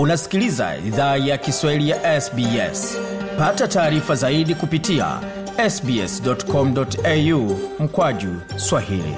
unasikiliza idhaa ya kiswahili ya sbs pata taarifa zaidi kupitia sbscomau mkwaju swahili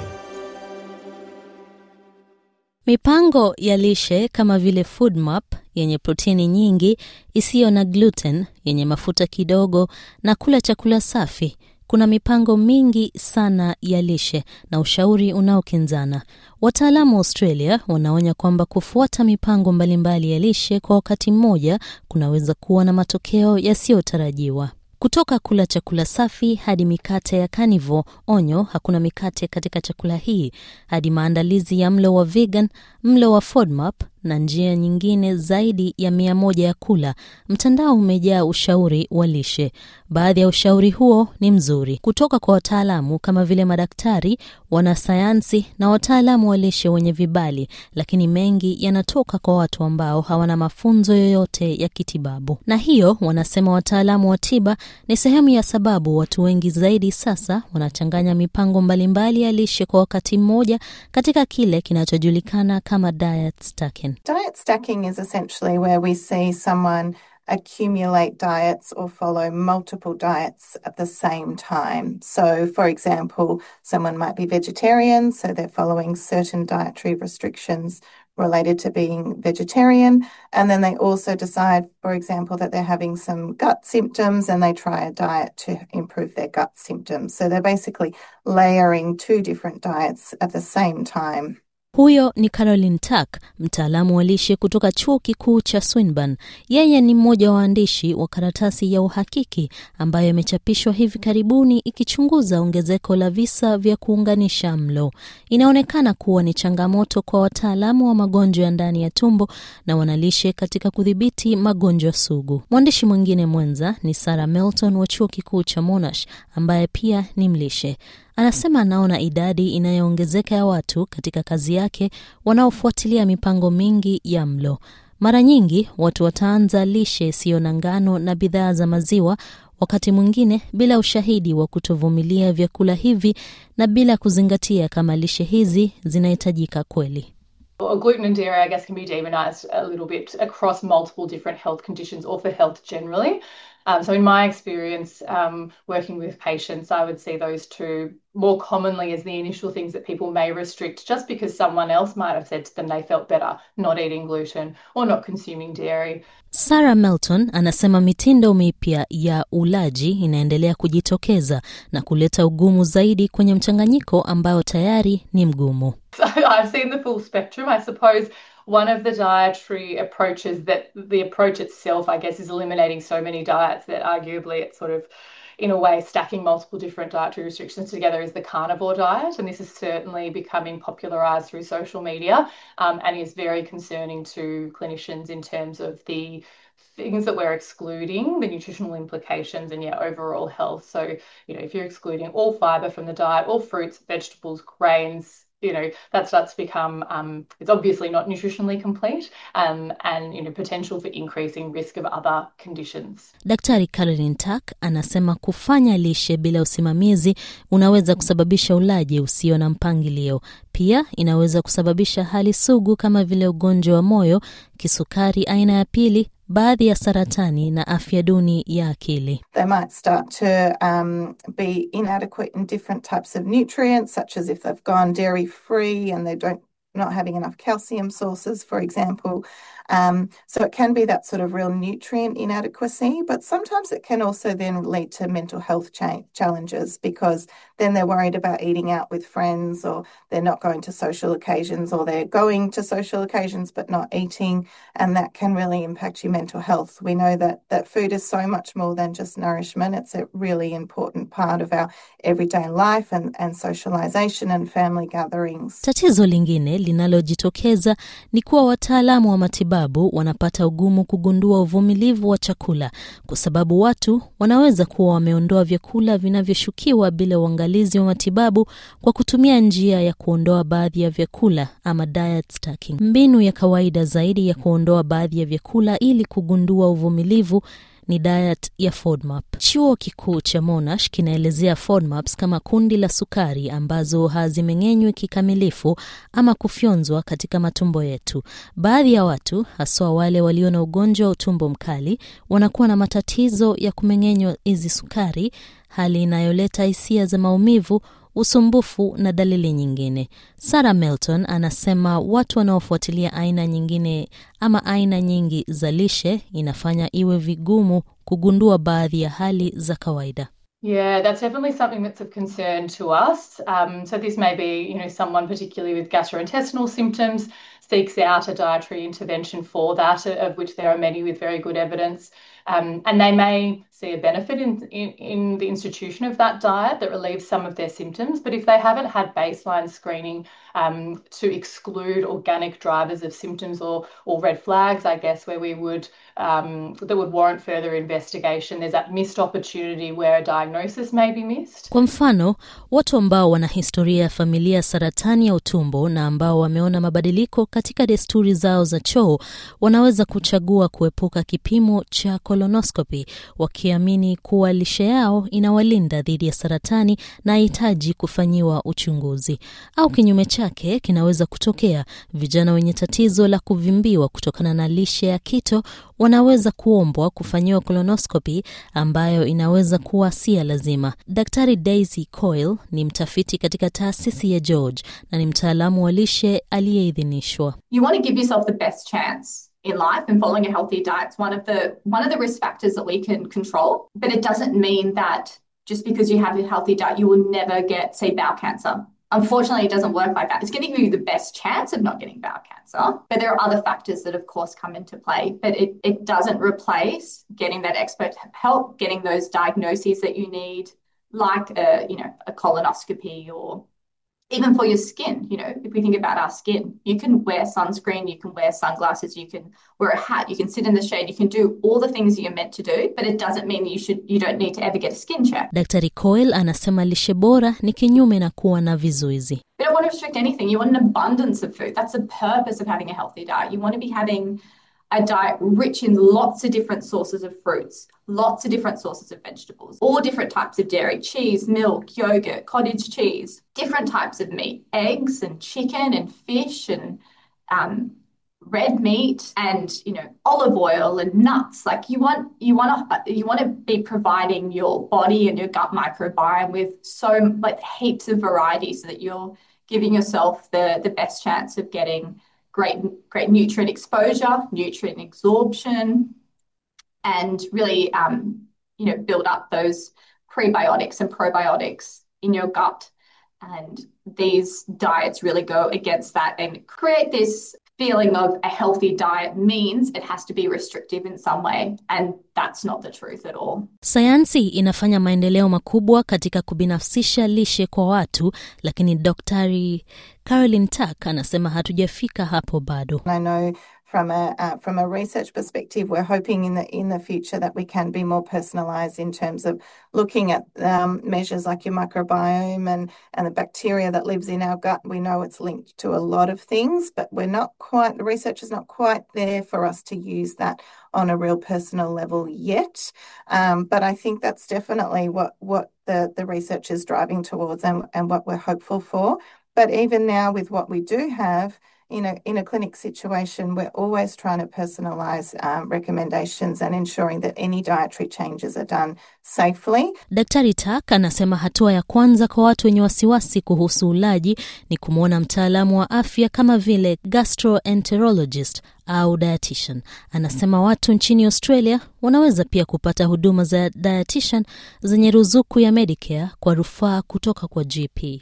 mipango ya lishe kama vile foodmap yenye protini nyingi isiyo na gluten yenye mafuta kidogo na kula chakula safi kuna mipango mingi sana ya lishe na ushauri unaokinzana. Wataalamu wa Australia wanaonya kwamba kufuata mipango mbalimbali ya lishe kwa wakati mmoja kunaweza kuwa na matokeo yasiyotarajiwa. Kutoka kula chakula safi hadi mikate ya kanivo onyo, hakuna mikate katika chakula hii, hadi maandalizi ya mlo wa vegan, mlo wa FODMAP, na njia nyingine zaidi ya mia moja ya kula. Mtandao umejaa ushauri wa lishe. Baadhi ya ushauri huo ni mzuri kutoka kwa wataalamu kama vile madaktari, wanasayansi na wataalamu wa lishe wenye vibali, lakini mengi yanatoka kwa watu ambao hawana mafunzo yoyote ya kitibabu. Na hiyo, wanasema wataalamu wa tiba, ni sehemu ya sababu watu wengi zaidi sasa wanachanganya mipango mbalimbali ya lishe kwa wakati mmoja katika kile kinachojulikana kama diet stacking. Diet stacking is essentially where we see someone accumulate diets or follow multiple diets at the same time. So, for example, someone might be vegetarian, so they're following certain dietary restrictions related to being vegetarian. And then they also decide, for example, that they're having some gut symptoms and they try a diet to improve their gut symptoms. So they're basically layering two different diets at the same time. Huyo ni Caroline Tuck, mtaalamu wa lishe kutoka chuo kikuu cha Swinburne. Yeye ni mmoja wa waandishi wa karatasi ya uhakiki ambayo imechapishwa hivi karibuni ikichunguza ongezeko la visa vya kuunganisha mlo. Inaonekana kuwa ni changamoto kwa wataalamu wa magonjwa ya ndani ya tumbo na wanalishe katika kudhibiti magonjwa sugu. Mwandishi mwingine mwenza ni Sarah Melton wa chuo kikuu cha Monash ambaye pia ni mlishe. Anasema anaona idadi inayoongezeka ya watu katika kazi yake wanaofuatilia mipango mingi ya mlo. Mara nyingi watu wataanza lishe isiyo na ngano na bidhaa za maziwa, wakati mwingine bila ushahidi wa kutovumilia vyakula hivi na bila kuzingatia kama lishe hizi zinahitajika kweli. Well, gluten and dairy, I guess, can be demonized a little bit across multiple different health conditions or for health generally. Um, so in my experience, um, working with patients, I would see those two more commonly as the initial things that people may restrict just because someone else might have said to them they felt better not eating gluten or not consuming dairy. Sarah Melton anasema mitindo mipya ya ulaji inaendelea kujitokeza na kuleta ugumu zaidi kwenye mchanganyiko ambao tayari ni mgumu. So I've seen the full spectrum. I suppose one of the dietary approaches that the approach itself, I guess, is eliminating so many diets that arguably it's sort of in a way stacking multiple different dietary restrictions together is the carnivore diet and this is certainly becoming popularized through social media um, and is very concerning to clinicians in terms of the things that we're excluding, the nutritional implications, and yeah, overall health. So, you know, if you're excluding all fiber from the diet, all fruits, vegetables, grains, you know, that starts to become, um, it's obviously not nutritionally complete um, and, you know, potential for increasing risk of other conditions. Daktari Caroline Tuck anasema kufanya lishe bila usimamizi unaweza kusababisha ulaji usio na mpangilio. Pia inaweza kusababisha hali sugu kama vile ugonjwa wa moyo, kisukari aina ya pili baadhi ya saratani na afya duni ya akili. They might start to um, be inadequate in different types of nutrients such as if they've gone dairy free and they don't not having enough calcium sources, for example. Um, so it can be that sort of real nutrient inadequacy, but sometimes it can also then lead to mental health cha- challenges because then they're worried about eating out with friends or they're not going to social occasions or they're going to social occasions but not eating. And that can really impact your mental health. We know that, that food is so much more than just nourishment, it's a really important part of our everyday life and, and socialization and family gatherings. linalojitokeza ni kuwa wataalamu wa matibabu wanapata ugumu kugundua uvumilivu wa chakula kwa sababu watu wanaweza kuwa wameondoa vyakula vinavyoshukiwa bila uangalizi wa matibabu kwa kutumia njia ya kuondoa baadhi ya vyakula ama diet stacking. Mbinu ya kawaida zaidi ya kuondoa baadhi ya vyakula ili kugundua uvumilivu ni diet ya FODMAP. Chuo kikuu cha Monash kinaelezea FODMAPs kama kundi la sukari ambazo hazimeng'enywi kikamilifu ama kufyonzwa katika matumbo yetu. Baadhi ya watu, haswa wale walio na ugonjwa wa utumbo mkali, wanakuwa na matatizo ya kumeng'enywa hizi sukari, hali inayoleta hisia za maumivu usumbufu na dalili nyingine. Sarah Melton anasema watu wanaofuatilia aina nyingine ama aina nyingi za lishe inafanya iwe vigumu kugundua baadhi ya hali za kawaida. Yeah, that's definitely something that's of concern to us. Um, so this may be, you know, someone particularly with gastrointestinal symptoms seeks out a dietary intervention for that, of which there are many with very good evidence. Um, and they may see a benefit in, in, in, the institution of that diet that relieves some of their symptoms. But if they haven't had baseline screening um, to exclude organic drivers of symptoms or, or red flags, I guess, where we would Um, that would warrant further investigation. There's that missed opportunity where a diagnosis may be missed. Kwa mfano, watu ambao wana historia ya familia saratani ya utumbo na ambao wameona mabadiliko katika desturi zao za choo wanaweza kuchagua kuepuka kipimo cha colonoscopy wakiamini kuwa lishe yao inawalinda dhidi ya saratani na hitaji kufanyiwa uchunguzi. Au kinyume chake kinaweza kutokea vijana wenye tatizo la kuvimbiwa kutokana na lishe ya kito wanaweza kuombwa kufanyiwa colonoscopy ambayo inaweza kuwa si ya lazima. Daktari Daisy Coyle ni mtafiti katika taasisi ya George na ni mtaalamu wa lishe aliyeidhinishwa. You want to give yourself the best chance in life and following a healthy diet is one of the one of the risk factors that we can control but it doesn't mean that just because you have a healthy diet you will never get say bowel cancer Unfortunately, it doesn't work like that. It's going to give you the best chance of not getting bowel cancer, but there are other factors that, of course, come into play. But it, it doesn't replace getting that expert help, getting those diagnoses that you need, like a, you know, a colonoscopy or even for your skin, you know, if we think about our skin, you can wear sunscreen, you can wear sunglasses, you can wear a hat, you can sit in the shade, you can do all the things you're meant to do, but it doesn't mean you should you don't need to ever get a skin check. Daktari Coyle anasema lishe bora ni kinyume na kuwa na vizuizi. You don't want to restrict anything. You want an abundance of food. That's the purpose of having a healthy diet. You want to be having a diet rich in lots of different sources of fruits, lots of different sources of vegetables, all different types of dairy, cheese, milk, yogurt, cottage cheese, different types of meat, eggs and chicken and fish and um, red meat and you know olive oil and nuts like you want you want to you want to be providing your body and your gut microbiome with so like heaps of variety so that you're giving yourself the the best chance of getting great, great nutrient exposure, nutrient absorption, and really um, you know build up those prebiotics and probiotics in your gut. And these diets really go against that and create this feeling of a healthy diet means it has to be restrictive in some way and that's not the truth at all. Sayansi inafanya maendeleo makubwa katika kubinafsisha lishe kwa watu, lakini Daktari Caroline tak anasema hatujafika hapo bado. I know from a uh, from a research perspective, we're hoping in the in the future that we can be more personalized in terms of looking at um, measures like your microbiome and and the bacteria that lives in our gut. We know it's linked to a lot of things, but we're not quite the research is not quite there for us to use that on a real personal level yet. Um, but I think that's definitely what what the the research is driving towards and and what we're hopeful for. But even now, with what we do have in a in a clinic situation, we're always trying to personalize um, recommendations and ensuring that any dietary changes are done safely. Daktari Tak anasema hatua ya kwanza kwa watu wenye wasiwasi kuhusu ulaji ni kumwona mtaalamu wa afya kama vile gastroenterologist au dietitian. Anasema watu nchini Australia wanaweza pia kupata huduma za dietitian zenye ruzuku ya Medicare kwa rufaa kutoka kwa GP